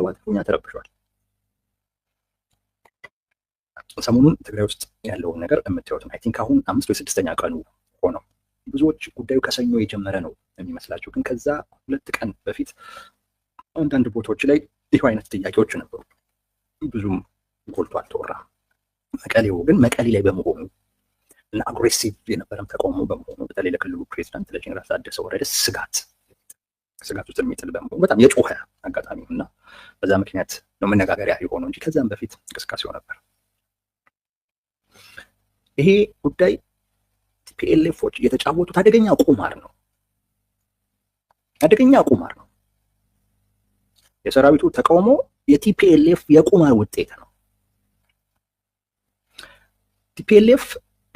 ህወሓት ሁኛ ተረብሿል። ሰሞኑን ትግራይ ውስጥ ያለውን ነገር የምታዩት አይ ቲንክ አሁን አምስት ወይ ስድስተኛ ቀኑ ሆነው ብዙዎች ጉዳዩ ከሰኞ የጀመረ ነው የሚመስላቸው፣ ግን ከዛ ሁለት ቀን በፊት አንዳንድ ቦታዎች ላይ ይህ አይነት ጥያቄዎች ነበሩ። ብዙም ጎልቶ አልተወራም። መቀሌው ግን መቀሌ ላይ በመሆኑ እና አግሬሲቭ የነበረም ተቃውሞ በመሆኑ በተለይ ለክልሉ ፕሬዚዳንት ለጀኔራል ታደሰ ወረደ ስጋት ስጋት ውስጥ የሚጥል በመሆኑ በጣም የጮኸ አጋጣሚ እና በዛ ምክንያት ነው መነጋገሪያ የሆነው እንጂ ከዛም በፊት እንቅስቃሴው ነበር። ይሄ ጉዳይ ቲፒኤልኤፎች የተጫወቱት አደገኛ ቁማር ነው። አደገኛ ቁማር ነው። የሰራዊቱ ተቃውሞ የቲፒኤልኤፍ የቁማር ውጤት ነው። ቲፒኤልኤፍ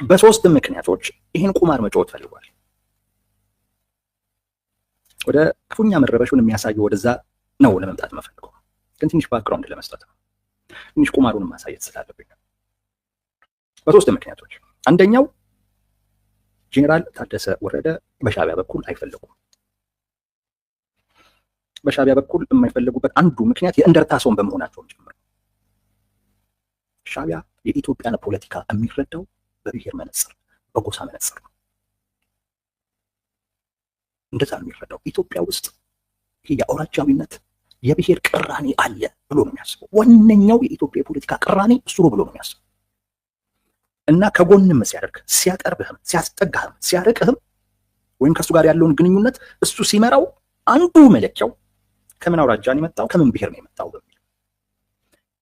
በሶስት ምክንያቶች ይህን ቁማር መጫወት ፈልጓል። ወደ ክፉኛ መረበሹን የሚያሳየው ወደዛ ነው ለመምጣት መፈልገው። ግን ትንሽ ባክግራውንድ ለመስጠት ነው፣ ትንሽ ቁማሩን ማሳየት ስላለብኝ በሶስት ምክንያቶች። አንደኛው ጄኔራል ታደሰ ወረደ በሻቢያ በኩል አይፈለጉም። በሻቢያ በኩል የማይፈለጉበት አንዱ ምክንያት የእንደርታ ሰውን በመሆናቸውም ጭምር። ሻቢያ የኢትዮጵያን ፖለቲካ የሚረዳው በብሔር መነጽር፣ በጎሳ መነጽር ነው። እንደዛ ነው የሚረዳው። ኢትዮጵያ ውስጥ የአውራጃዊነት የብሔር ቅራኔ አለ ብሎ ነው የሚያስበው። ዋነኛው የኢትዮጵያ የፖለቲካ ቅራኔ እሱ ነው ብሎ ነው የሚያስበው እና ከጎንም ሲያደርግ ሲያቀርብህም፣ ሲያስጠጋህም፣ ሲያርቅህም ወይም ከእሱ ጋር ያለውን ግንኙነት እሱ ሲመራው አንዱ መለኪያው ከምን አውራጃ ነው የመጣው ከምን ብሔር ነው የመጣው በሚል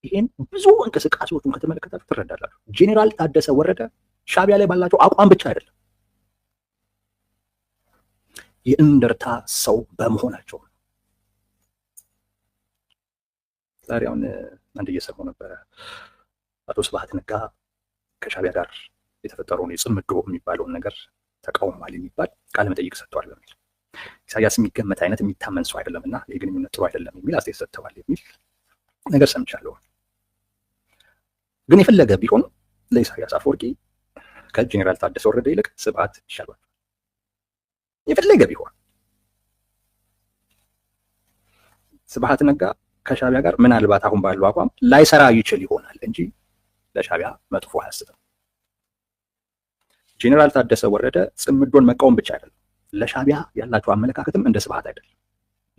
ይሄን ብዙ እንቅስቃሴዎቹን ከተመለከታችሁ ትረዳላችሁ። ጄኔራል ታደሰ ወረደ ሻቢያ ላይ ባላቸው አቋም ብቻ አይደለም የእንደርታ ሰው በመሆናቸው ነው። ዛሬ አሁን አንድ እየሰማሁ ነበረ። አቶ ስብሐት ነጋ ከሻቢያ ጋር የተፈጠረውን የጽምዶ የሚባለውን ነገር ተቃውሟል የሚባል ቃለ መጠይቅ ሰጥተዋል በሚል ኢሳያስ የሚገመት አይነት የሚታመን ሰው አይደለም እና የግንኙነት ጥሩ አይደለም የሚል አስተያየት ሰጥተዋል የሚል ነገር ሰምቻለሁ። ግን የፈለገ ቢሆን ለኢሳያስ አፈወርቂ ከጄኔራል ታደሰ ወረደ ይልቅ ስብሐት ይሻሏል። የፈለገ ቢሆን ስብሐት ነጋ ከሻቢያ ጋር ምናልባት አሁን ባለው አቋም ላይሰራ ይችል ይሆናል እንጂ ለሻቢያ መጥፎ አያስብም። ጄኔራል ታደሰ ወረደ ጽምዶን መቃወም ብቻ አይደለም፣ ለሻቢያ ያላቸው አመለካከትም እንደ ስብሐት አይደለም፣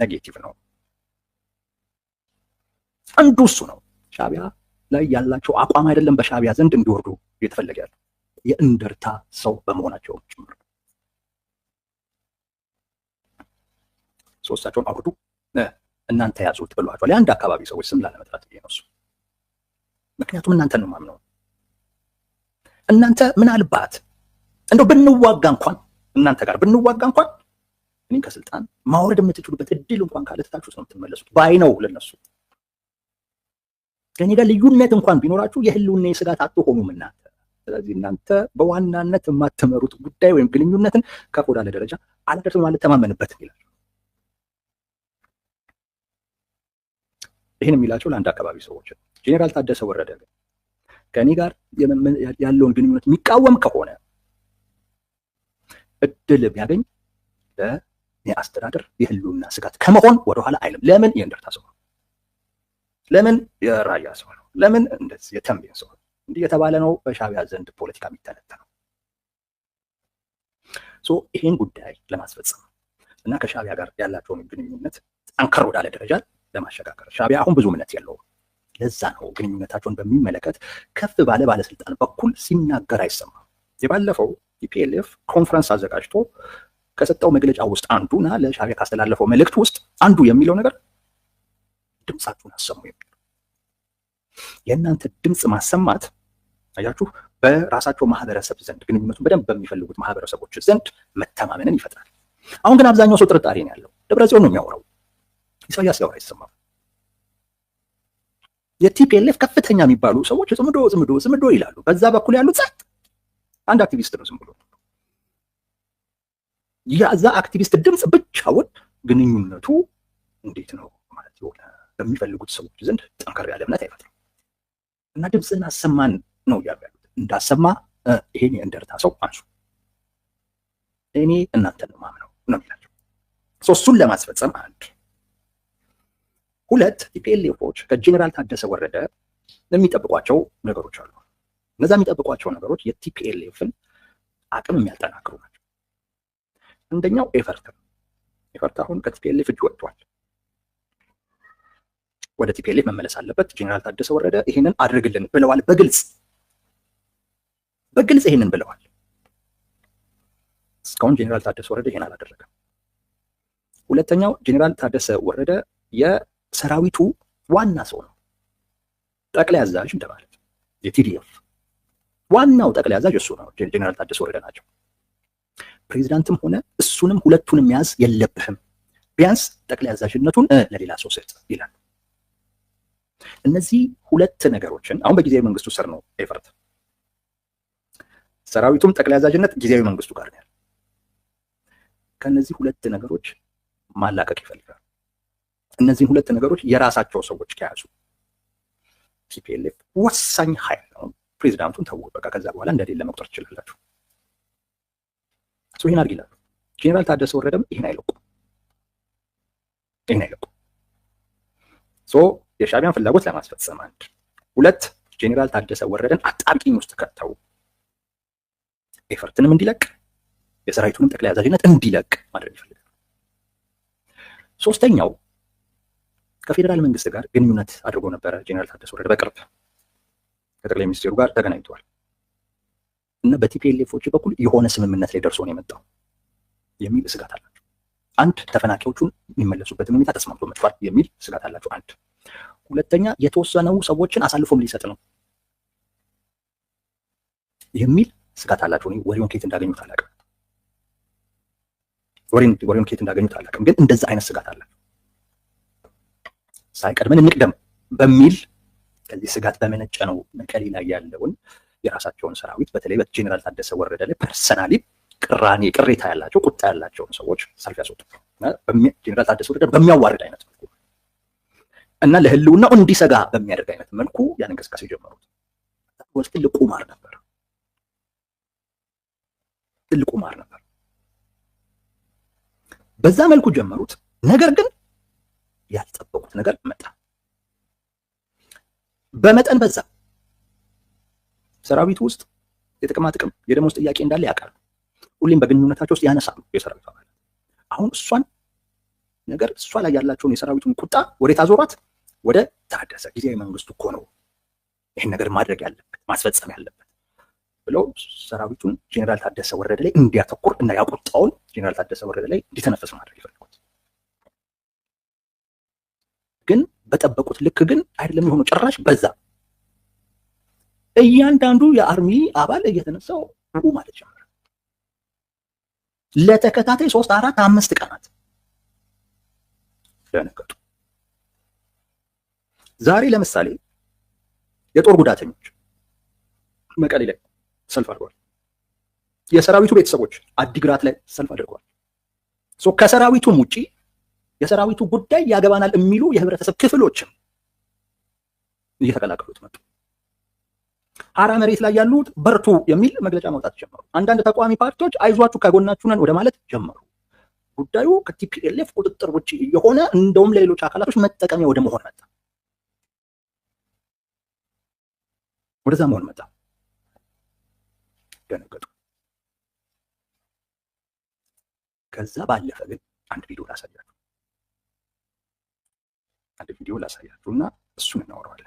ኔጌቲቭ ነው። አንዱ እሱ ነው። ሻቢያ ላይ ያላቸው አቋም አይደለም በሻቢያ ዘንድ እንዲወርዱ እየተፈለገ ያለው የእንደርታ ሰው በመሆናቸው ጭምር ሶስታቸውን አውርዱ እናንተ ያዙት ብሏቸዋል። የአንድ አካባቢ ሰዎች ስም ላለመጥራት ብዬ ነው እሱ። ምክንያቱም እናንተ ነው ማምነው። እናንተ ምናልባት እንደው ብንዋጋ እንኳን እናንተ ጋር ብንዋጋ እንኳን እኔን ከስልጣን ማውረድ የምትችሉበት እድል እንኳን ካለ ትታችሁ ነው የምትመለሱት ባይ ነው ለነሱ። ከኔ ጋር ልዩነት እንኳን ቢኖራችሁ የህልውና ስጋት አትሆኑም እናንተ። ስለዚህ እናንተ በዋናነት የማትመሩት ጉዳይ ወይም ግንኙነትን ከፍ ወዳለ ደረጃ አላደርስም ማለት ተማመንበት ይላል። ይህን የሚላቸው ለአንድ አካባቢ ሰዎች። ጄኔራል ታደሰ ወረደ ግን ከእኔ ጋር ያለውን ግንኙነት የሚቃወም ከሆነ እድል ቢያገኝ ለእኔ አስተዳደር የህልውና ስጋት ከመሆን ወደኋላ አይልም። ለምን የእንደርታ ሰው ነው? ለምን የራያ ሰው ነው? ለምን እንደዚህ የተንቤን ሰው ነው? እንዲህ የተባለ ነው በሻቢያ ዘንድ ፖለቲካ የሚተነተነው። ይህን ጉዳይ ለማስፈጸም እና ከሻቢያ ጋር ያላቸውን ግንኙነት ጠንከር ወዳለ ደረጃ ለማሸጋገር ሻቢያ አሁን ብዙ እምነት የለውም። ለዛ ነው ግንኙነታቸውን በሚመለከት ከፍ ባለ ባለስልጣን በኩል ሲናገር አይሰማም። የባለፈው ኢፒኤልኤፍ ኮንፈረንስ አዘጋጅቶ ከሰጠው መግለጫ ውስጥ አንዱና ለሻቢያ ካስተላለፈው መልእክት ውስጥ አንዱ የሚለው ነገር ድምፃችሁን አሰሙ የሚለው የእናንተ ድምፅ ማሰማት አያችሁ፣ በራሳቸው ማህበረሰብ ዘንድ ግንኙነቱን በደንብ በሚፈልጉት ማህበረሰቦች ዘንድ መተማመንን ይፈጥራል። አሁን ግን አብዛኛው ሰው ጥርጣሬ ነው ያለው። ደብረጽዮን ነው የሚያወራው ኢሳያስ ሲያወራ አይሰማም። የቲፒኤልኤፍ ከፍተኛ የሚባሉ ሰዎች ጽምዶ ጽምዶ ጽምዶ ይላሉ። በዛ በኩል ያሉት ጸጥ አንድ አክቲቪስት ነው ዝም ብሎ የዛ አክቲቪስት ድምፅ ብቻውን ግንኙነቱ እንዴት ነው ማለት የሆነ በሚፈልጉት ሰዎች ዘንድ ጠንከር ያለ እምነት አይፈጥርም። እና ድምፅን አሰማን ነው እያሉ ያሉት። እንዳሰማ ይሄን የእንደርታ ሰው አንሱ፣ እኔ እናንተን ማምነው ነው የሚላቸው። እሱን ለማስፈጸም አንድ ሁለት ቲፒኤልኤፎች ከጀኔራል ታደሰ ወረደ የሚጠብቋቸው ነገሮች አሉ። እነዛ የሚጠብቋቸው ነገሮች የቲፒኤልኤፍን አቅም የሚያጠናክሩ ናቸው። አንደኛው ኤፈርት ነው። ኤፈርት አሁን ከቲፒኤልኤፍ እጅ ወጥቷል። ወደ ቲፒኤልኤፍ መመለስ አለበት። ጀኔራል ታደሰ ወረደ ይሄንን አድርግልን ብለዋል። በግልጽ በግልጽ ይሄንን ብለዋል። እስካሁን ጀኔራል ታደሰ ወረደ ይሄን አላደረገም። ሁለተኛው ጀኔራል ታደሰ ወረደ ሰራዊቱ ዋና ሰው ነው። ጠቅላይ አዛዥ እንደማለት የቲዲኤፍ ዋናው ጠቅላይ አዛዥ እሱ ነው። ጀኔራል ታደሰ ወረደ ናቸው። ፕሬዚዳንትም ሆነ እሱንም ሁለቱንም መያዝ የለብህም፣ ቢያንስ ጠቅላይ አዛዥነቱን ለሌላ ሰው ስጥ ይላል። እነዚህ ሁለት ነገሮችን አሁን በጊዜያዊ መንግስቱ ስር ነው ኤቨርት ሰራዊቱም ጠቅላይ አዛዥነት ጊዜያዊ መንግስቱ ጋር ነው። ከእነዚህ ሁለት ነገሮች ማላቀቅ ይፈልጋል። እነዚህን ሁለት ነገሮች የራሳቸው ሰዎች ከያዙ ቲፒኤልኤፍ ወሳኝ ኃይል ነው። ፕሬዚዳንቱን ተው በቃ ከዛ በኋላ እንደሌለ መቁጠር ትችላላችሁ። ይህን አድርግ ይላሉ። ጄኔራል ታደሰ ወረደም ይህን አይለቁም፣ ይህን አይለቁም። የሻቢያን ፍላጎት ለማስፈጸም አንድ ሁለት ጄኔራል ታደሰ ወረደን አጣብቂኝ ውስጥ ከተው ኤፈርትንም እንዲለቅ የሰራዊቱንም ጠቅላይ አዛዥነት እንዲለቅ ማድረግ ይፈልጋል። ሶስተኛው ከፌዴራል መንግስት ጋር ግንኙነት አድርጎ ነበረ። ጄኔራል ታደሰ ወረደ በቅርብ ከጠቅላይ ሚኒስትሩ ጋር ተገናኝተዋል እና በቲፒኤልኤፎች በኩል የሆነ ስምምነት ላይ ደርሶ ነው የመጣው የሚል ስጋት አላቸው። አንድ ተፈናቃዮቹን የሚመለሱበትን ሁኔታ ተስማምቶ መጥፋት የሚል ስጋት አላቸው። አንድ ሁለተኛ የተወሰነው ሰዎችን አሳልፎም ሊሰጥ ነው የሚል ስጋት አላቸው። ወሬውን ከየት እንዳገኙት አላውቅም። ወሬውን ከየት እንዳገኙት አላውቅም፣ ግን እንደዛ አይነት ስጋት አላቸው። ሳይቀድመን እንቅደም በሚል ከዚህ ስጋት በመነጨ ነው መቀሌ ላይ ያለውን የራሳቸውን ሰራዊት በተለይ በጀኔራል ታደሰ ወረደ ላይ ፐርሰናሊ ቅራኔ፣ ቅሬታ ያላቸው ቁጣ ያላቸውን ሰዎች ሰልፍ ያስወጡ ጀኔራል ታደሰ ወረደ በሚያዋርድ አይነት መልኩ እና ለህልውናው እንዲሰጋ በሚያደርግ አይነት መልኩ ያን እንቅስቃሴ ጀመሩት። ትልቅ ቁማር ነበር፣ ትልቅ ቁማር ነበር። በዛ መልኩ ጀመሩት። ነገር ግን ያልጠበቁት ነገር መጣ። በመጠን በዛ። ሰራዊት ውስጥ የጥቅማ ጥቅም የደሞዝ ጥያቄ እንዳለ ያውቃሉ። ሁሌም በግንኙነታቸው ውስጥ ያነሳሉ የሰራዊቱ አባላት። አሁን እሷን ነገር እሷ ላይ ያላቸውን የሰራዊቱን ቁጣ ወዴት አዞሯት? ወደ ታደሰ ጊዜያዊ መንግስቱ እኮ ነው ይህን ነገር ማድረግ ያለበት ማስፈጸም ያለበት ብለው ሰራዊቱን ጄኔራል ታደሰ ወረደ ላይ እንዲያተኩር እና ያቁጣውን ጄኔራል ታደሰ ወረደ ላይ እንዲተነፈስ ማድረግ ይፈልጋል። ግን በጠበቁት ልክ ግን አይደለም የሆነው፣ ጭራሽ በዛ። እያንዳንዱ የአርሚ አባል እየተነሳው ማለት ጀመረ። ለተከታታይ ሶስት አራት አምስት ቀናት ደነገጡ። ዛሬ ለምሳሌ የጦር ጉዳተኞች መቀሌ ላይ ሰልፍ አድርጓል። የሰራዊቱ ቤተሰቦች አዲግራት ላይ ሰልፍ አድርጓል። ከሰራዊቱም ውጪ የሰራዊቱ ጉዳይ ያገባናል የሚሉ የህብረተሰብ ክፍሎችም እየተቀላቀሉት መጡ። አራ መሬት ላይ ያሉት በርቱ የሚል መግለጫ መውጣት ጀመሩ። አንዳንድ ተቃዋሚ ፓርቲዎች አይዟችሁ ከጎናችሁ ነን ወደ ማለት ጀመሩ። ጉዳዩ ከቲፒኤልኤፍ ቁጥጥር ውጭ የሆነ እንደውም ለሌሎች አካላቶች መጠቀሚያ ወደ መሆን መጣ ወደዛ መሆን መጣ። ደነገጡ። ከዛ ባለፈ ግን አንድ ቪዲዮ ላሳያል። አንድ ቪዲዮ ላሳያችሁ እና እሱን እናወራዋለን።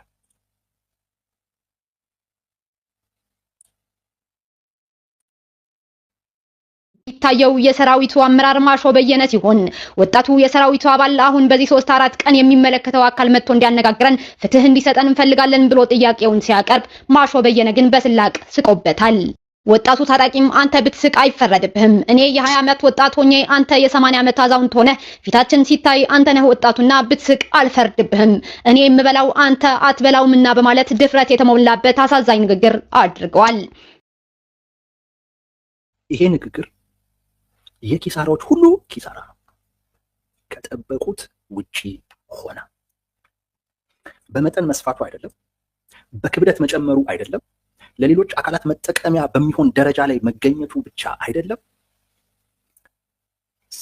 ታየው የሰራዊቱ አመራር ማሾ በየነ ሲሆን ወጣቱ የሰራዊቱ አባል አሁን በዚህ ሶስት አራት ቀን የሚመለከተው አካል መጥቶ እንዲያነጋግረን ፍትህ እንዲሰጠን እንፈልጋለን ብሎ ጥያቄውን ሲያቀርብ ማሾ በየነ ግን በስላቅ ስቆበታል። ወጣቱ ታጣቂም አንተ ብትስቅ አይፈረድብህም። እኔ የ20 ዓመት ወጣት ሆኜ አንተ የ80 ዓመት አዛውንት ሆነ ፊታችን ሲታይ አንተ ነህ ወጣቱና ብትስቅ አልፈርድብህም። እኔ የምበላው አንተ አትበላውምና በማለት ድፍረት የተሞላበት አሳዛኝ ንግግር አድርገዋል። ይሄ ንግግር የኪሳራዎች ሁሉ ኪሳራ ነው። ከጠበቁት ውጪ ሆነ። በመጠን መስፋቱ አይደለም፣ በክብደት መጨመሩ አይደለም ለሌሎች አካላት መጠቀሚያ በሚሆን ደረጃ ላይ መገኘቱ ብቻ አይደለም፣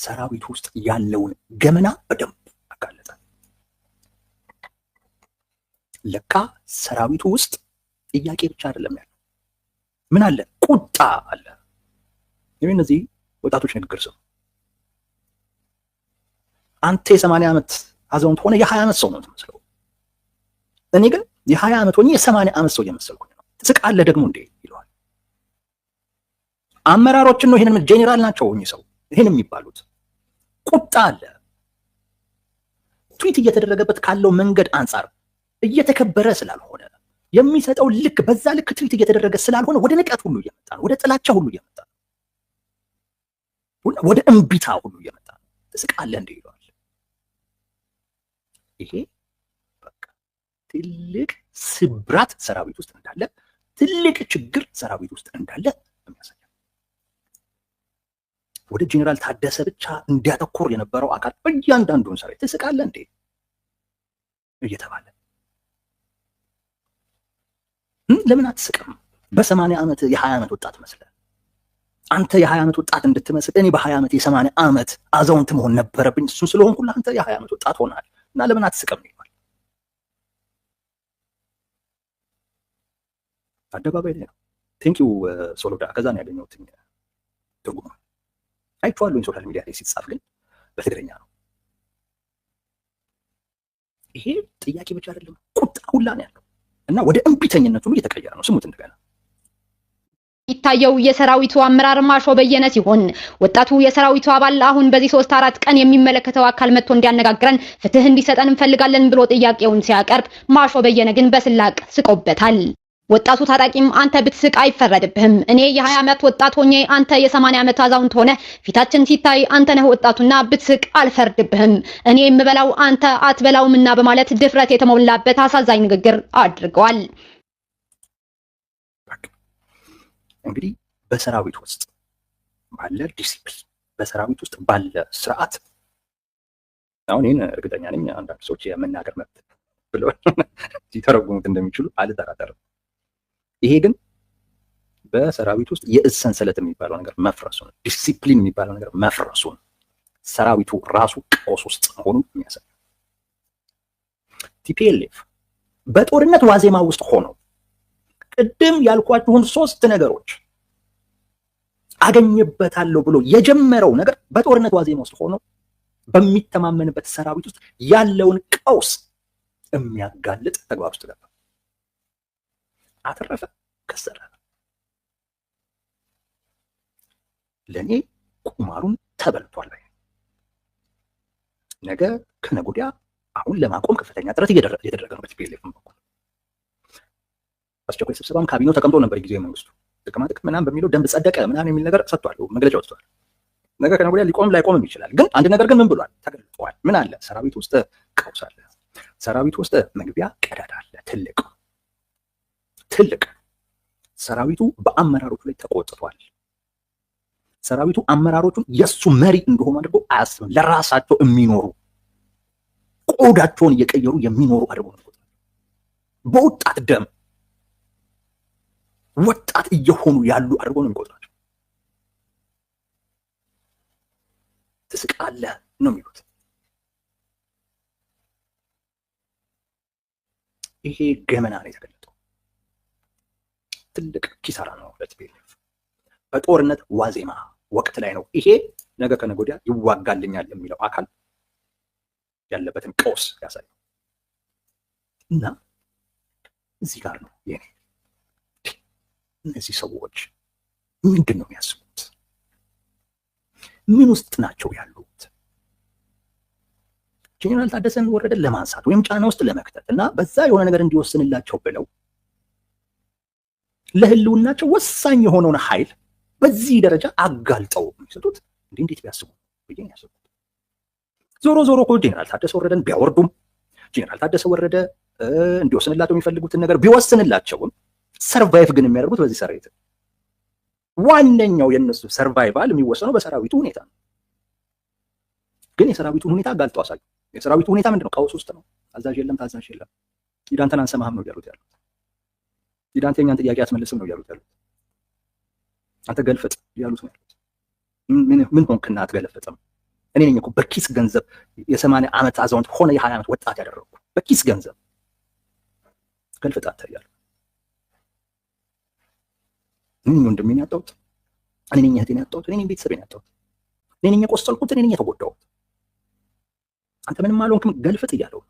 ሰራዊት ውስጥ ያለውን ገመና በደንብ አጋለጠ። ለካ ሰራዊቱ ውስጥ ጥያቄ ብቻ አይደለም ያለ፣ ምን አለ? ቁጣ አለ። ይህ እነዚህ ወጣቶች ንግግር ስም አንተ የሰማንያ ዓመት አዛውንት ሆነ የሀያ ዓመት ሰው ነው የምትመስለው። እኔ ግን የሀያ ዓመት ሆኜ የሰማንያ ዓመት ሰው እየመሰልኩ ትስቃለህ ደግሞ እንዴ ይለዋል። አመራሮችን ነው ይህንን ጄኔራል ናቸው እኚህ ሰው ይህን የሚባሉት ቁጣ አለ። ትዊት እየተደረገበት ካለው መንገድ አንጻር እየተከበረ ስላልሆነ የሚሰጠው ልክ በዛ ልክ ትዊት እየተደረገ ስላልሆነ ወደ ንቀት ሁሉ እየመጣ ነው። ወደ ጥላቻ ሁሉ እየመጣ ነው። ወደ እምቢታ ሁሉ እየመጣ ነው። ትስቃለህ እንዴ ይለዋል። ይሄ በቃ ትልቅ ስብራት ሰራዊት ውስጥ እንዳለ ትልቅ ችግር ሰራዊት ውስጥ እንዳለ የሚያሳይ ወደ ጄኔራል ታደሰ ብቻ እንዲያተኩር የነበረው አካል በእያንዳንዱን ሰራዊት ትስቃለህ እንዴ እየተባለ ለምን አትስቅም? በሰማንያ ዓመት የሀያ ዓመት ወጣት መስለ አንተ የሀያ ዓመት ወጣት እንድትመስል እኔ በሀያ ዓመት የሰማንያ ዓመት አዛውንት መሆን ነበረብኝ። እሱን ስለሆንኩ አንተ የሀያ ዓመት ወጣት ሆናል እና ለምን አትስቅም? አደባባይ ላይ ነው። ቴንኪው uh, ሶሎዳ ከዛ ነው ያገኘሁት ትርጉም አይቼዋለሁኝ። ሶሻል ሚዲያ ላይ ሲጻፍ ግን በትግረኛ ነው። ይሄ ጥያቄ ብቻ አይደለም፣ ቁጣ ሁላ ነው ያለው እና ወደ ሁሉ እየተቀየረ ነው። ስሙት እንደገና የሚታየው የሰራዊቱ አመራር ማሾ በየነ ሲሆን ወጣቱ የሰራዊቱ አባል አሁን በዚህ ሶስት አራት ቀን የሚመለከተው አካል መጥቶ እንዲያነጋግረን ፍትህ እንዲሰጠን እንፈልጋለን ብሎ ጥያቄውን ሲያቀርብ ማሾ በየነ ግን በስላቅ ስቆበታል። ወጣቱ ታጣቂም አንተ ብትስቅ አይፈረድብህም። እኔ የ20 ዓመት ወጣት ሆኜ አንተ የ80 ዓመት አዛውንት ሆነ ፊታችን ሲታይ አንተ ነህ ወጣቱና ብትስቅ አልፈርድብህም። እኔ የምበላው አንተ አትበላውምና በማለት ድፍረት የተሞላበት አሳዛኝ ንግግር አድርገዋል። እንግዲህ በሰራዊት ውስጥ ባለ ዲሲፕሊን፣ በሰራዊት ውስጥ ባለ ስርዓት አሁን ይህን እርግጠኛ ነኝ አንዳንድ ሰዎች የመናገር መብት ብለው ሲተረጉሙት እንደሚችሉ አልጠራጠርም። ይሄ ግን በሰራዊት ውስጥ የእዝ ሰንሰለት የሚባለው ነገር ነው። ዲሲፕሊን የሚባለው ነገር ነው። ሰራዊቱ ራሱ ቀውስ ውስጥ መሆኑን የሚያሳይ ቲፒኤልኤፍ በጦርነት ዋዜማ ውስጥ ሆነው ቅድም ያልኳችሁን ሶስት ነገሮች አገኝበታለሁ ብሎ የጀመረው ነገር በጦርነት ዋዜማ ውስጥ ሆኖ በሚተማመንበት ሰራዊት ውስጥ ያለውን ቀውስ የሚያጋልጥ ተግባር ውስጥ ገባ። አተረፈ፣ ከሰረ። ለእኔ ቁማሩን ተበልቷል። ነገ ከነጎዲያ አሁን ለማቆም ከፍተኛ ጥረት እየተደረገ ነው። በቲፒኤልኤፍ በኩል አስቸኳይ ስብሰባም ካቢኔው ተቀምጦ ነበር። ጊዜ መንግስቱ ጥቅማ ጥቅም ምናምን በሚለው ደንብ ጸደቀ ምናምን የሚል ነገር ሰጥቷል፣ መግለጫ ወጥቷል። ነገ ከነጎዲያ ሊቆም ላይቆምም ይችላል። ግን አንድ ነገር ግን ምን ብሏል? ተገልጧል። ምን አለ? ሰራዊት ውስጥ ቀውስ አለ። ሰራዊት ውስጥ መግቢያ ቀዳዳ አለ ትልቅ ትልቅ ሰራዊቱ በአመራሮቹ ላይ ተቆጥቷል። ሰራዊቱ አመራሮቹን የእሱ መሪ እንደሆኑ አድርጎ አያስብም። ለራሳቸው የሚኖሩ ቆዳቸውን እየቀየሩ የሚኖሩ አድርጎ ነው። በወጣት ደም ወጣት እየሆኑ ያሉ አድርጎ ነው የሚቆጥራቸው። ትስቃለህ ነው የሚሉት። ይሄ ገመና ነው የተገለጠው። ትልቅ ኪሳራ ነው ለቲፒኤልኤፍ። በጦርነት ዋዜማ ወቅት ላይ ነው ይሄ ነገ ከነገ ወዲያ ይዋጋልኛል የሚለው አካል ያለበትን ቀውስ ያሳያል። እና እዚህ ጋር ነው የኔ እነዚህ ሰዎች ምንድን ነው የሚያስቡት? ምን ውስጥ ናቸው ያሉት? ጄኔራል ታደሰን ወረደን ለማንሳት ወይም ጫና ውስጥ ለመክተት እና በዛ የሆነ ነገር እንዲወስንላቸው ብለው ለህልውናቸው ወሳኝ የሆነውን ኃይል በዚህ ደረጃ አጋልጠው የሚሰጡት እንዲህ እንዴት ቢያስቡ ብዬ ያስቡት። ዞሮ ዞሮ እኮ ጄኔራል ታደሰ ወረደን ቢያወርዱም ጄኔራል ታደሰ ወረደ እንዲወስንላቸው የሚፈልጉትን ነገር ቢወስንላቸውም ሰርቫይቭ ግን የሚያደርጉት በዚህ ሰራዊት ዋነኛው የነሱ ሰርቫይቫል የሚወሰነው በሰራዊቱ ሁኔታ ነው። ግን የሰራዊቱን ሁኔታ አጋልጠው አሳዩ። የሰራዊቱ ሁኔታ ምንድነው? ቀውስ ውስጥ ነው። አዛዥ የለም፣ ታዛዥ የለም። ሂዳንተን አንሰማህም ነው ያሉት ያሉት ዚዳን የእኛን ጥያቄ አስመልስም ነው እያሉት ያሉት። አንተ ገልፈጥ እያሉት ነው ያሉት። ምን ሆንክና አትገለፈጥም? እኔ ነኝ እኮ በኪስ ገንዘብ የሰማንያ ዓመት አዛውንት ሆነ የሀያ ዓመት ወጣት ያደረግኩ በኪስ ገንዘብ ገልፈጥ አንተ እያሉ እኔ ነኝ ወንድሜን ያጣሁት፣ እኔ ነኝ እህቴን ያጣሁት፣ እኔ ነኝ ቤተሰቤን ያጣሁት፣ እኔ ነኝ የቆሰልኩት፣ እኔ ነኝ የተጎዳሁት። አንተ ምንም አልሆንክም ገልፈጥ እያለው ነው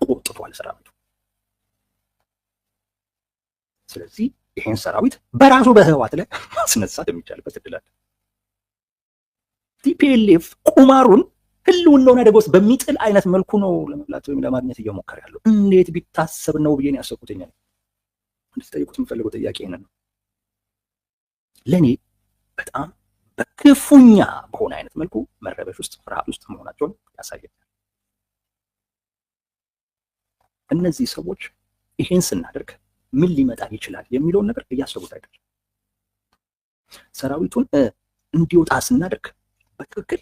ተቆጥቷል ሰራዊቱ። ስለዚህ ይሄን ሰራዊት በራሱ በህዋት ላይ ማስነሳት የሚቻልበት እድላል። ቲፒኤልኤፍ ቁማሩን ህልውናውን አደጋ ውስጥ በሚጥል አይነት መልኩ ነው ለመብላት ወይም ለማግኘት እየሞከረ ያለው። እንዴት ቢታሰብ ነው ብዬን ያሰብኩትኛ እንድትጠይቁት የምፈልገው ጥያቄ ይህንን ነው። ለእኔ በጣም በክፉኛ በሆነ አይነት መልኩ መረበሽ ውስጥ፣ ፍርሃት ውስጥ መሆናቸውን ያሳያል። እነዚህ ሰዎች ይሄን ስናደርግ ምን ሊመጣ ይችላል የሚለውን ነገር እያሰቡት አይደለም። ሰራዊቱን እንዲወጣ ስናደርግ በትክክል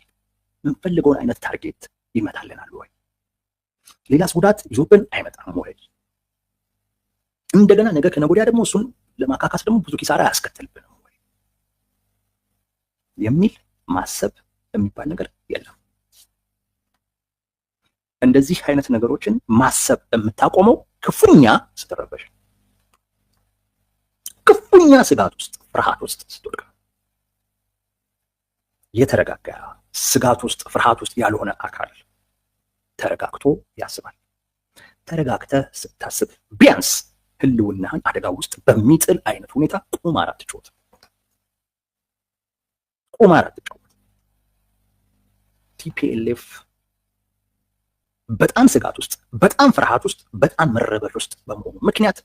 የምንፈልገውን አይነት ታርጌት ይመጣልናል ወይ? ሌላስ ጉዳት ይዞብን አይመጣም ወይ? እንደገና ነገ ከነገ ወዲያ ደግሞ እሱን ለማካካስ ደግሞ ብዙ ኪሳራ አያስከትልብንም ወይ የሚል ማሰብ የሚባል ነገር የለም። እንደዚህ አይነት ነገሮችን ማሰብ የምታቆመው ክፉኛ ስትረበሽ፣ ክፉኛ ስጋት ውስጥ ፍርሃት ውስጥ ስትወድቅ። የተረጋጋ ስጋት ውስጥ ፍርሃት ውስጥ ያልሆነ አካል ተረጋግቶ ያስባል። ተረጋግተህ ስታስብ ቢያንስ ህልውናህን አደጋ ውስጥ በሚጥል አይነት ሁኔታ ቁማር አትጫወት፣ ቁማር አትጫወት። ቲፒኤልኤፍ በጣም ስጋት ውስጥ፣ በጣም ፍርሃት ውስጥ፣ በጣም መረበር ውስጥ በመሆኑ ምክንያት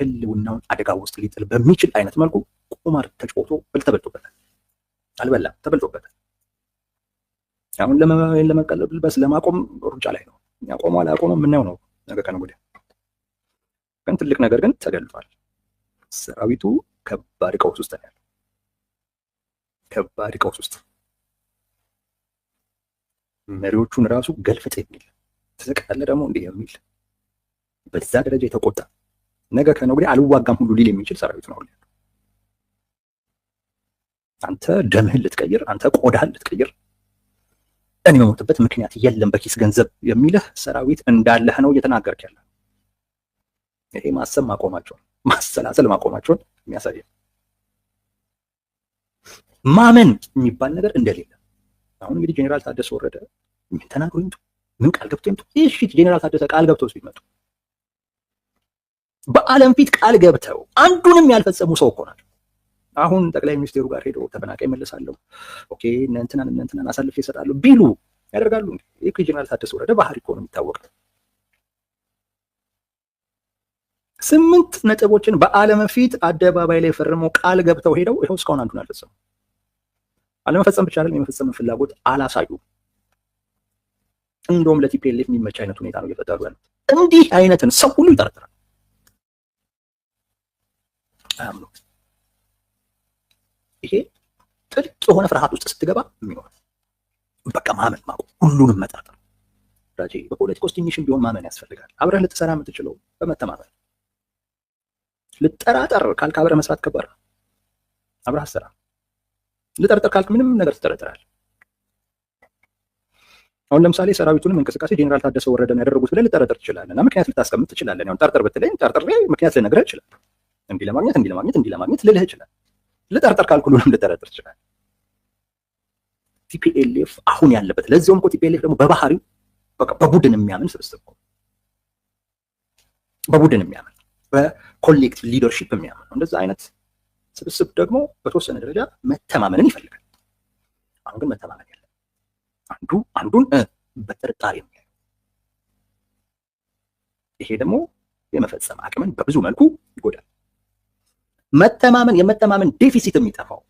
ህልውናውን አደጋ ውስጥ ሊጥል በሚችል አይነት መልኩ ቁማር ተጫውቶ ተበልቶበታል። አልበላም፣ ተበልቶበታል። አሁን ለመቀልበስ ለማቆም ሩጫ ላይ ነው። ያቆመ አላቆመ የምናየው ነው ነገ ከነገ ወዲያ። ግን ትልቅ ነገር ግን ተገልጧል። ሰራዊቱ ከባድ ቀውስ ውስጥ ነው ያለው። ከባድ ቀውስ ውስጥ መሪዎቹን ራሱ ገልፍጥ የሚል ትስቃለህ ደግሞ እንዲህ የሚል በዛ ደረጃ የተቆጣ ነገ ከነገ ወዲያ አልዋጋም ሁሉ ሊል የሚችል ሰራዊት ነው። አንተ ደምህን ልትቀይር፣ አንተ ቆዳህን ልትቀይር፣ እኔ በሞትበት ምክንያት የለም በኪስ ገንዘብ የሚልህ ሰራዊት እንዳለህ ነው እየተናገርክ ያለ። ይሄ ማሰብ ማቆማቸውን ማሰላሰል ማቆማቸውን የሚያሳየ ማመን የሚባል ነገር እንደሌለ አሁን እንግዲህ ጄኔራል ታደሰ ወረደ ምን ተናግሮ ይምጡ፣ ምን ቃል ገብቶ ይምጡ። እሺ ጄኔራል ታደሰ ቃል ገብተው ሲመጡ በዓለም ፊት ቃል ገብተው አንዱንም ያልፈጸሙ ሰው እኮ ናቸው። አሁን ጠቅላይ ሚኒስቴሩ ጋር ሄዶ ተፈናቃይ መለሳለሁ፣ ኦኬ እነ እንትናን እነ እንትናን አሳልፌ ይሰጣለሁ ቢሉ ያደርጋሉ። ይህ ጄኔራል ታደሰ ወረደ ባህሪ እኮ ነው የሚታወቅ። ስምንት ነጥቦችን በዓለም ፊት አደባባይ ላይ ፈርመው ቃል ገብተው ሄደው ይኸው እስካሁን አንዱን አልፈጸሙ። አለመፈጸም ብቻ አይደለም፣ የመፈጸምን ፍላጎት አላሳዩም። እንደውም ለቲፒኤልኤፍ የሚመች አይነት ሁኔታ ነው እየፈጠሩ ያሉት። እንዲህ አይነትን ሰው ሁሉ ይጠረጥራል። አያምኑት። ይሄ ጥልቅ የሆነ ፍርሃት ውስጥ ስትገባ የሚሆነ በቃ ማመን ማ ሁሉንም መጠርጠር ራጄ በፖለቲካ ውስጥ ትንሽም ቢሆን ማመን ያስፈልጋል። አብረህ ልትሰራ የምትችለው በመተማመን ልጠራጠር ካልክ መስራት ከባድ አብረህ አሰራ ልጠርጠር ካልክ ምንም ነገር ትጠረጥራል። አሁን ለምሳሌ ሰራዊቱንም እንቅስቃሴ ጄኔራል ታደሰ ወረደ ነው ያደረጉት ብለህ ልጠረጥር ትችላለህ እና ምክንያት ልታስቀምጥ ትችላለህ። አሁን ጠርጥር ብትለኝ ጠርጥር ምክንያት ልነግርህ ይችላል። እንዲህ ለማግኘት እንዲህ ለማግኘት እንዲህ ለማግኘት ልልህ ይችላል። ልጠርጠር ካልክ ሁሉንም ልጠረጥር ይችላል። ቲፒኤልኤፍ አሁን ያለበት ለዚያውም እኮ ቲፒኤልኤፍ ደግሞ በባህሪው በቃ በቡድን የሚያምን ስብስብ ነው። በቡድን የሚያምን በኮሌክቲቭ ሊደርሺፕ የሚያምን ነው። እንደዛ አይነት ስብስብ ደግሞ በተወሰነ ደረጃ መተማመንን ይፈልጋል። አሁን ግን መተማመን የለም። አንዱ አንዱን በጥርጣሬ ነው። ይሄ ደግሞ የመፈጸም አቅምን በብዙ መልኩ ይጎዳል። መተማመን የመተማመን ዴፊሲት የሚጠፋው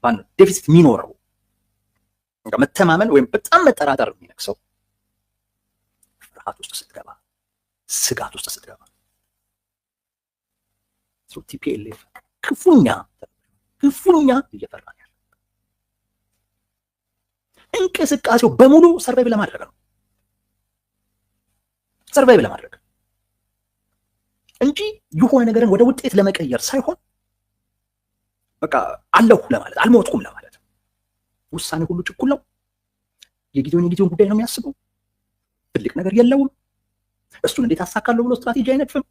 ዴፊሲት የሚኖረው መተማመን ወይም በጣም መጠራጠር የሚነቅሰው ፍርሃት ውስጥ ስትገባ፣ ስጋት ውስጥ ስትገባ ቲፒኤልኤፍ ክፉኛ ክፉኛ እየፈራ ያለ እንቅስቃሴው በሙሉ ሰርቫይቭ ለማድረግ ነው። ሰርቫይቭ ለማድረግ እንጂ የሆነ ነገርን ወደ ውጤት ለመቀየር ሳይሆን በቃ አለሁ ለማለት አልሞትኩም ለማለት ውሳኔ ሁሉ ችኩል ነው። የጊዜውን የጊዜውን ጉዳይ ነው የሚያስበው። ትልቅ ነገር የለውም። እሱን እንዴት አሳካለሁ ብሎ ስትራቴጂ አይነድፍም።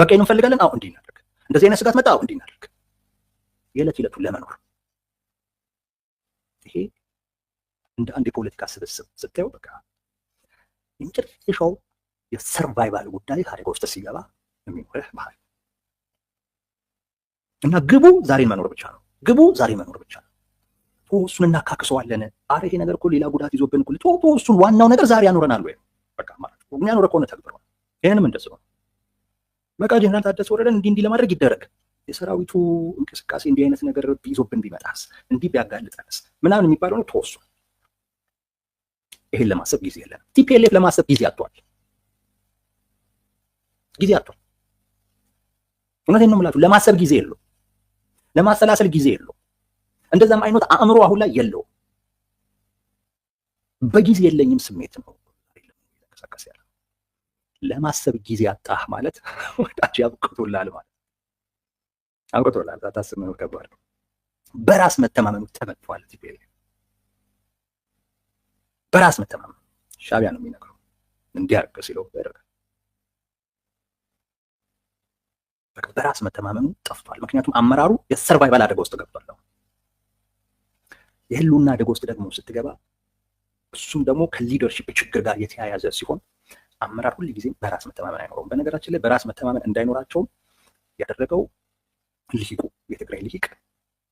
በቃ ይህን እንፈልጋለን፣ አዎ እንዲህ እናደርግ፣ እንደዚህ አይነት ስጋት መጣ፣ አዎ እንዲህ እናደርግ የዕለት ዕለቱን ለመኖር ይሄ እንደ አንድ የፖለቲካ ስብስብ ስታየው በቃ የመጨረሻው የሰርቫይቫል ጉዳይ አደጋ ውስጥ ሲገባ የሚኖርህ ባህል እና ግቡ ዛሬን መኖር ብቻ ነው። ግቡ ዛሬን መኖር ብቻ ነው። እሱን እናካክሰዋለን። አረ ይሄ ነገር እኮ ሌላ ጉዳት ይዞብን እኮ ቶ እሱን ዋናው ነገር ዛሬ ያኖረናል ወይም በቃ ማለት ነው። ያኖረ ከሆነ ተግብረዋል። ይህንም እንደዚህ ነው። በቃ ጀነራል ታደሰ ወረደን እንዲህ እንዲህ ለማድረግ ይደረግ የሰራዊቱ እንቅስቃሴ እንዲህ አይነት ነገር ይዞብን ቢመጣስ፣ እንዲህ ቢያጋልጠንስ ምናምን የሚባለው ነው ተወሱ። ይሄን ለማሰብ ጊዜ የለንም። ቲፒኤልኤፍ ለማሰብ ጊዜ አጥቷል። ጊዜ አጥቷል። እውነቴን ነው የምላችሁ። ለማሰብ ጊዜ የለው፣ ለማሰላሰል ጊዜ የለው። እንደዛም አይነት አእምሮ አሁን ላይ የለው። በጊዜ የለኝም ስሜት ነው ለማሰብ ጊዜ አጣህ ማለት ወዳጅ ያብቅቶላል ማለት አንቆቶላል። አታስብ ነው ከባድ። በራስ መተማመኑ ተመጥቷል። በራስ መተማመን ሻቢያ ነው የሚነግረው እንዲያርቅ ሲለው ያደርጋል። በራስ መተማመኑ ጠፍቷል። ምክንያቱም አመራሩ የሰርቫይቫል አደጋ ውስጥ ገብቷል። ነው የህልውና አደጋ ውስጥ ደግሞ ስትገባ እሱም ደግሞ ከሊደርሺፕ ችግር ጋር የተያያዘ ሲሆን አመራር ሁልጊዜም በራስ መተማመን አይኖረውም። በነገራችን ላይ በራስ መተማመን እንዳይኖራቸውም ያደረገው ልሂቁ የትግራይ ልሂቅ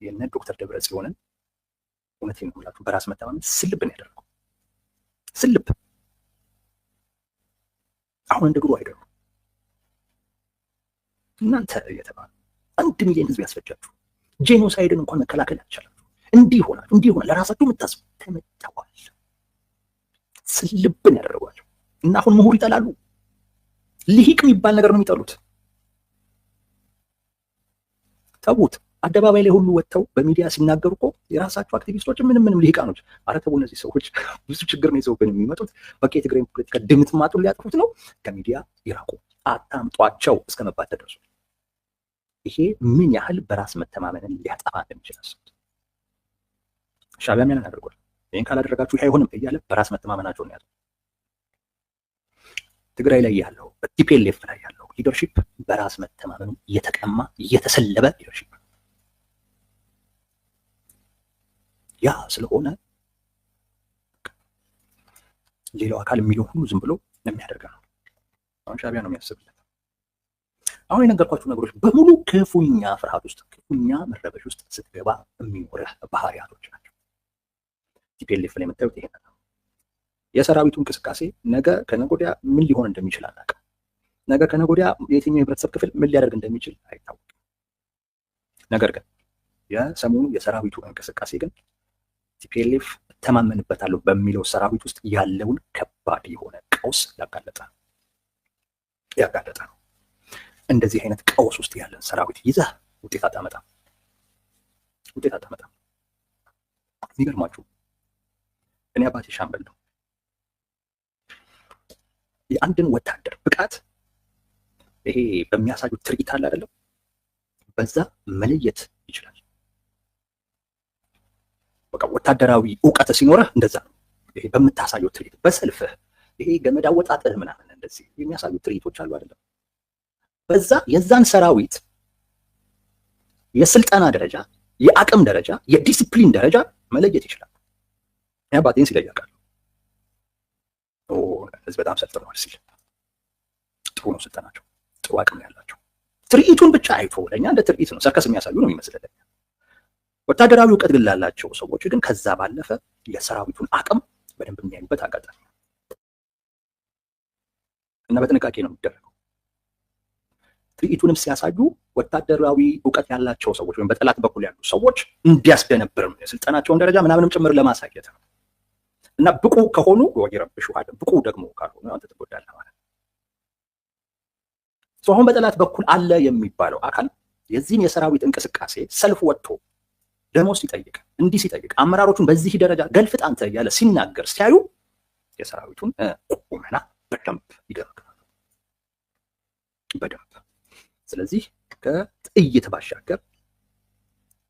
የነ ዶክተር ደብረ ጽዮንን እውነት ነው በራስ መተማመን ስልብ ነው ያደረገው። ስልብ አሁን እንደ ግሩ አይደሉ። እናንተ የተባለ አንድ ሚሊዮን ህዝብ ያስፈጃችሁ ጄኖሳይድን እንኳን መከላከል አልቻላችሁ። እንዲህ ይሆናል፣ እንዲህ ይሆናል። ለራሳችሁ የምታስቡ ተመተዋል። ስልብን ያደረጓቸው እና አሁን ምሁር ይጠላሉ። ልሂቅ የሚባል ነገር ነው የሚጠሉት። ተዉት። አደባባይ ላይ ሁሉ ወጥተው በሚዲያ ሲናገሩ እኮ የራሳቸው አክቲቪስቶች ምንም ምንም ሊቃኖች አረ ተው፣ እነዚህ ሰዎች ብዙ ችግር ነው ይዘውብን የሚመጡት። በቃ የትግራይ ፖለቲካ ድምጥ ማጡን ሊያጥፉት ነው። ከሚዲያ ይራቁ፣ አታምጧቸው እስከ መባት ተደርሱ። ይሄ ምን ያህል በራስ መተማመንን ሊያጠፋ እንደሚችል አስቡት። ሻቢያ ሚያን አድርጓል። ይህን ካላደረጋችሁ ይህ አይሆንም እያለ በራስ መተማመናቸውን ያጡ ትግራይ ላይ ያለው በቲፒኤልኤፍ ላይ ያለው ሊደርሺፕ በራስ መተማመኑ እየተቀማ እየተሰለበ ሊደርሺፕ። ያ ስለሆነ ሌላው አካል የሚለው ሁሉ ዝም ብሎ የሚያደርገ ነው። አሁን ሻቢያ ነው የሚያስብለት። አሁን የነገርኳቸው ነገሮች በሙሉ ክፉኛ ፍርሃት ውስጥ ክፉኛ መረበሽ ውስጥ ስትገባ የሚኖርህ ባህሪያቶች ናቸው። ቲፒኤልኤፍ ላይ የምታዩት ይሄ ነው። የሰራዊቱ እንቅስቃሴ ነገ ከነገ ወዲያ ምን ሊሆን እንደሚችል አናውቅም። ነገ ከነገ ወዲያ የትኛው የህብረተሰብ ክፍል ምን ሊያደርግ እንደሚችል አይታወቅም። ነገር ግን የሰሞኑ የሰራዊቱ እንቅስቃሴ ግን ቲፒኤልኤፍ እተማመንበታለሁ በሚለው ሰራዊት ውስጥ ያለውን ከባድ የሆነ ቀውስ ያጋለጠ ያጋለጠ ነው። እንደዚህ አይነት ቀውስ ውስጥ ያለን ሰራዊት ይዘህ ውጤት አታመጣም፣ ውጤት አታመጣም። የሚገርማችሁ እኔ አባቴ ሻምበል ነው። የአንድን ወታደር ብቃት ይሄ በሚያሳዩት ትርኢት አለ አይደለም፣ በዛ መለየት ይችላል። በቃ ወታደራዊ እውቀት ሲኖረህ እንደዛ ነው። ይሄ በምታሳየው ትርኢት፣ በሰልፍህ፣ ይሄ ገመድ አወጣጥህ ምናምን እንደዚህ የሚያሳዩት ትርኢቶች አሉ አይደለም። በዛ የዛን ሰራዊት የስልጠና ደረጃ፣ የአቅም ደረጃ፣ የዲስፕሊን ደረጃ መለየት ይችላል። አባቴን ሲለይ አውቃለሁ። በጣም ሰልጥነዋል ሲል ጥሩ ነው ስልጠናቸው ጥሩ አቅም ያላቸው ትርኢቱን ብቻ አይቶ ለእኛ እንደ ትርኢት ነው፣ ሰርከስ የሚያሳዩ ነው ይመስልልኝ። ወታደራዊ እውቀት ግን ላላቸው ሰዎች ግን ከዛ ባለፈ የሰራዊቱን አቅም በደንብ የሚያዩበት አጋጣሚ እና በጥንቃቄ ነው የሚደረገው። ትርኢቱንም ሲያሳዩ ወታደራዊ እውቀት ያላቸው ሰዎች ወይም በጠላት በኩል ያሉ ሰዎች እንዲያስደነብር ነው የስልጠናቸውን ደረጃ ምናምንም ጭምር ለማሳየት ነው እና ብቁ ከሆኑ ረብሽ ብቁ ደግሞ ካልሆነ አንተ ትጎዳለህ። አሁን በጠላት በኩል አለ የሚባለው አካል የዚህን የሰራዊት እንቅስቃሴ ሰልፍ ወጥቶ ደሞዝ ሲጠይቅ እንዲህ ሲጠይቅ አመራሮቹን በዚህ ደረጃ ገልፍጥ አንተ እያለ ሲናገር ሲያዩ የሰራዊቱን ቁመና በደንብ ይገመግማሉ። በደንብ ስለዚህ ከጥይት ባሻገር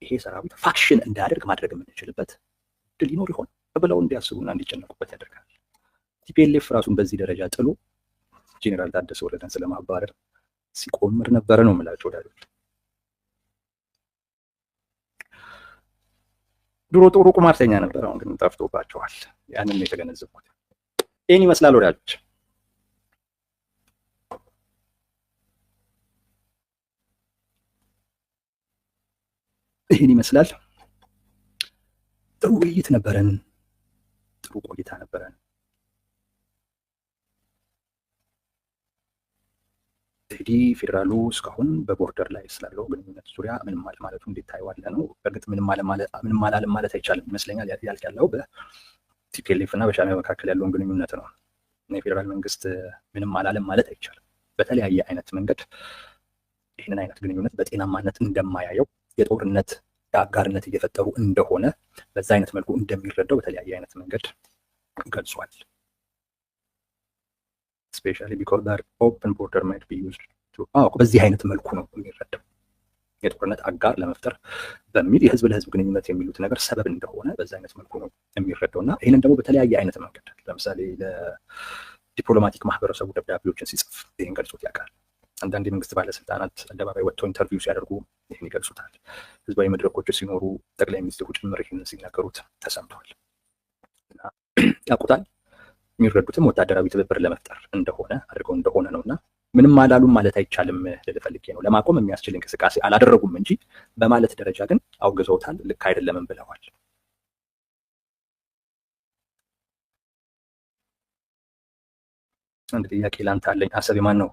ይሄ ሰራዊት ፋክሽን እንዳያደርግ ማድረግ የምንችልበት ድል ይኖር ይሆን ብለው እንዲያስቡና እንዲጨነቁበት ያደርጋል። ቲፒኤልኤፍ ራሱን በዚህ ደረጃ ጥሎ ጄኔራል ታደሰ ወረደን ስለማባረር ሲቆምር ነበረ ነው የምላቸው ወዳጆች። ድሮ ጥሩ ቁማርተኛ ነበር፣ አሁን ግን ጠፍቶባቸዋል። ያንን የተገነዘብኩት ይህን ይመስላል ወዳጆች። ይህን ይመስላል። ጥሩ ውይይት ነበረን። ጥሩ ቆይታ ነበረን። እንግዲህ ፌዴራሉ እስካሁን በቦርደር ላይ ስላለው ግንኙነት ዙሪያ ምንም አለ ማለቱ እንዴት ታየዋለህ ነው። በእርግጥ ምንም አላለም ማለት አይቻልም ይመስለኛል። ያልክ ያለው በቲፒኤልኤፍ እና በሻዕቢያ መካከል ያለውን ግንኙነት ነው። የፌዴራል መንግስት ምንም አላለም ማለት አይቻልም። በተለያየ አይነት መንገድ ይህንን አይነት ግንኙነት በጤናማነት እንደማያየው የጦርነት አጋርነት እየፈጠሩ እንደሆነ በዛ አይነት መልኩ እንደሚረዳው በተለያየ አይነት መንገድ ገልጿል። ስፔሻሊ ቢኮዝ ዳር ኦፕን ቦርደር ማይት ቢ ዩዝድ በዚህ አይነት መልኩ ነው የሚረዳው የጦርነት አጋር ለመፍጠር በሚል የህዝብ ለህዝብ ግንኙነት የሚሉት ነገር ሰበብ እንደሆነ በዚ አይነት መልኩ ነው የሚረዳው እና ይህንን ደግሞ በተለያየ አይነት መንገድ ለምሳሌ ለዲፕሎማቲክ ማህበረሰቡ ደብዳቤዎችን ሲጽፍ ይህን ገልጾት ያውቃል። አንዳንድ የመንግስት ባለስልጣናት አደባባይ ወጥተው ኢንተርቪው ሲያደርጉ ይህን ይገልጹታል። ህዝባዊ መድረኮች ሲኖሩ ጠቅላይ ሚኒስትሩ ጭምር ይህንን ሲናገሩት ተሰምቷል እና ያውቁታል። የሚረዱትም ወታደራዊ ትብብር ለመፍጠር እንደሆነ አድርገው እንደሆነ ነው እና ምንም አላሉም ማለት አይቻልም ልል ፈልጌ ነው። ለማቆም የሚያስችል እንቅስቃሴ አላደረጉም እንጂ በማለት ደረጃ ግን አውግዘውታል። ልክ አይደለምም ብለዋል። አንድ ጥያቄ ላንተ አለኝ። አሰብ ማን ነው?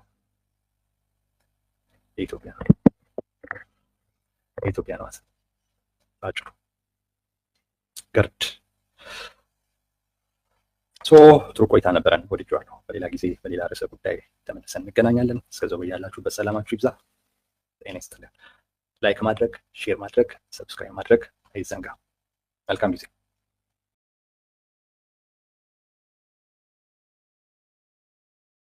የኢትዮጵያ ነው። የኢትዮጵያ ነው አሰብ ባጭሩ ገርድ ጥሩ ቆይታ ነበረን። ወድጃለሁ። በሌላ ጊዜ በሌላ ርዕሰ ጉዳይ ተመልሰን እንገናኛለን። እስከዚያው በያላችሁበት በሰላማችሁ ይብዛ። ጤና ይስጥልን። ላይክ ማድረግ፣ ሼር ማድረግ፣ ሰብስክራይብ ማድረግ አይዘንጋ። መልካም ጊዜ